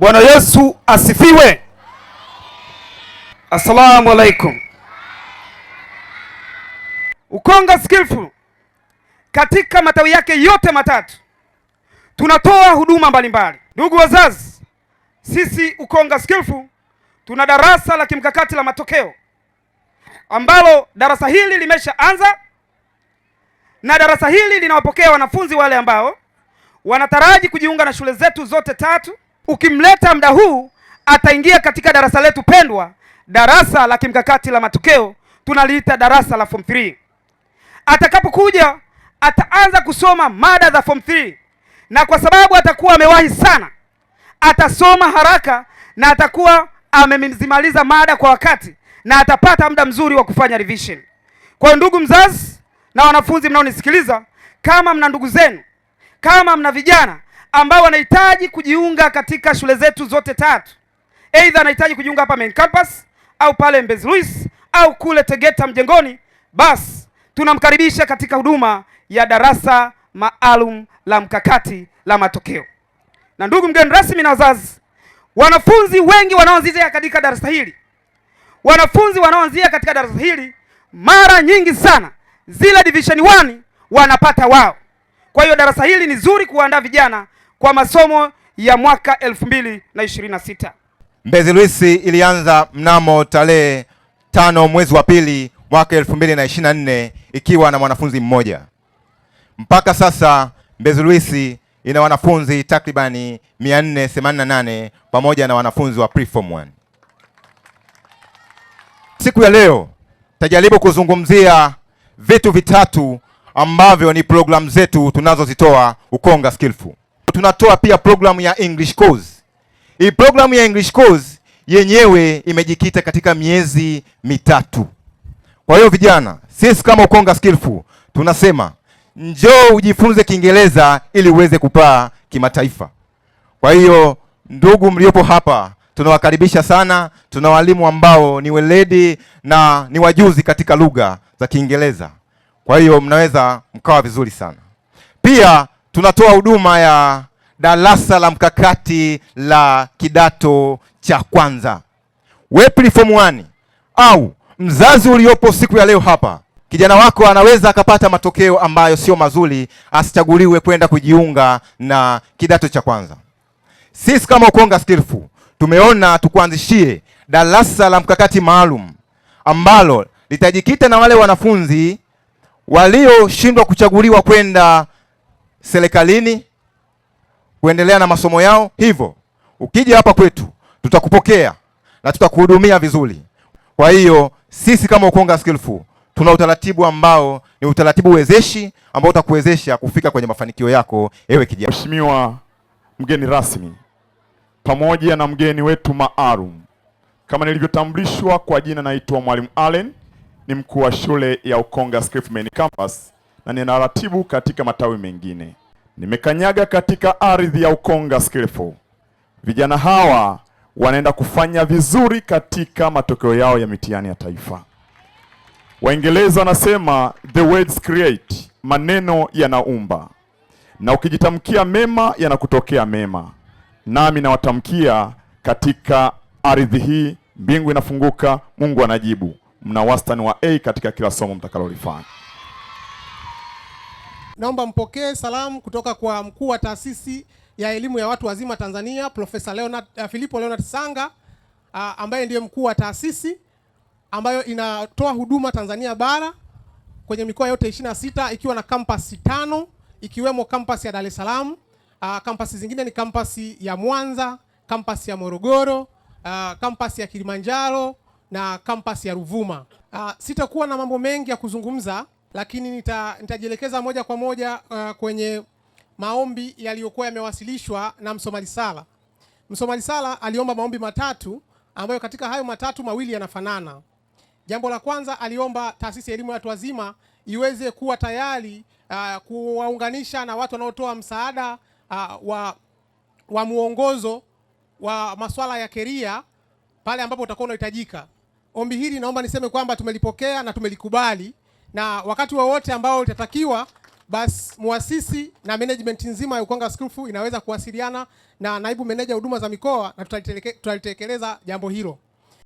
Bwana Yesu asifiwe. Assalamu alaikum. Ukonga Skillful katika matawi yake yote matatu tunatoa huduma mbalimbali. Ndugu wazazi, sisi Ukonga Skillful tuna darasa la kimkakati la matokeo ambalo darasa hili limeshaanza na darasa hili linawapokea wanafunzi wale ambao wanataraji kujiunga na shule zetu zote tatu Ukimleta mda huu ataingia katika darasa letu pendwa, darasa la kimkakati la matokeo, tunaliita darasa la form 3. Atakapokuja ataanza kusoma mada za form 3, na kwa sababu atakuwa amewahi sana, atasoma haraka na atakuwa amezimaliza mada kwa wakati na atapata muda mzuri wa kufanya revision. Kwa ndugu mzazi na wanafunzi mnaonisikiliza, kama mna ndugu zenu, kama mna vijana ambao wanahitaji kujiunga katika shule zetu zote tatu, aidha anahitaji kujiunga hapa main campus au pale Mbezi Luis au kule Tegeta Mjengoni, basi tunamkaribisha katika huduma ya darasa maalum la mkakati la matokeo. Na ndugu mgeni rasmi na wazazi, wanafunzi wengi wanaoanzia katika darasa hili, wanafunzi wanaoanzia katika darasa hili mara nyingi sana zile division 1 wanapata wao. Kwa hiyo darasa hili ni zuri kuandaa vijana kwa masomo ya mwaka 2026. Mbezi Luis ilianza mnamo tarehe tano mwezi wa pili mwaka 2024 ikiwa na mwanafunzi mmoja. Mpaka sasa Mbezi Luis ina wanafunzi takribani 488 pamoja na wanafunzi wa preform 1. Siku ya leo tajaribu kuzungumzia vitu vitatu ambavyo ni programu zetu tunazozitoa Ukonga Skillful tunatoa pia programu ya English course. Hii programu ya English course yenyewe imejikita katika miezi mitatu. Kwa hiyo vijana, sisi kama Ukonga Skillful tunasema njoo ujifunze Kiingereza ili uweze kupaa kimataifa. Kwa hiyo ndugu mliopo hapa tunawakaribisha sana. Tuna walimu ambao ni weledi na ni wajuzi katika lugha za Kiingereza, kwa hiyo mnaweza mkawa vizuri sana pia tunatoa huduma ya darasa la mkakati la kidato cha kwanza WEPL form 1 au mzazi uliopo siku ya leo hapa, kijana wako anaweza akapata matokeo ambayo sio mazuri, asichaguliwe kwenda kujiunga na kidato cha kwanza. Sisi kama Ukonga Skillful tumeona tukuanzishie darasa la mkakati maalum ambalo litajikita na wale wanafunzi walioshindwa kuchaguliwa kwenda serikalini kuendelea na masomo yao. Hivyo ukija hapa kwetu, tutakupokea na tutakuhudumia vizuri. Kwa hiyo sisi kama Ukonga Skillful tuna utaratibu ambao ni utaratibu wezeshi ambao utakuwezesha kufika kwenye mafanikio yako ewe kijana. Mheshimiwa mgeni rasmi pamoja na mgeni wetu maalum, kama nilivyotambulishwa, kwa jina naitwa Mwalimu Allen, ni mkuu wa shule ya Ukonga Skillful Main Campus na ninaratibu katika matawi mengine. Nimekanyaga katika ardhi ya Ukonga Skillful. Vijana hawa wanaenda kufanya vizuri katika matokeo yao ya mitihani ya taifa. Waingereza wanasema the words create, maneno yanaumba, na ukijitamkia mema yanakutokea mema. Nami nawatamkia katika ardhi hii, mbingu inafunguka, Mungu anajibu. Mna wastani wa A katika kila somo mtakalolifanya naomba mpokee salamu kutoka kwa mkuu wa taasisi ya elimu ya watu wazima Tanzania Profesa Leonard, uh, eh, Filipo Leonard Sanga uh, ambaye ndiye mkuu wa taasisi ambayo inatoa huduma Tanzania bara kwenye mikoa yote 26 ikiwa na kampasi tano ikiwemo kampasi ya Dar es Salaam. Uh, kampasi zingine ni kampasi ya Mwanza, kampasi ya Morogoro, uh, kampasi ya Kilimanjaro na kampasi ya Ruvuma. Uh, sitakuwa na mambo mengi ya kuzungumza lakini nita, nitajielekeza moja kwa moja uh, kwenye maombi yaliyokuwa yamewasilishwa na msoma risala. Msoma risala aliomba maombi matatu ambayo katika hayo matatu mawili yanafanana. Jambo la kwanza aliomba taasisi ya elimu ya watu wazima iweze kuwa tayari uh, kuwaunganisha na watu wanaotoa msaada uh, wa, wa mwongozo wa masuala ya keria pale ambapo utakuwa unahitajika. Ombi hili naomba niseme kwamba tumelipokea na tumelikubali na wakati wowote wa ambao utatakiwa, basi muasisi na management nzima ya Ukonga Askofu inaweza kuwasiliana na naibu meneja huduma za mikoa na tutalitekeleza jambo hilo.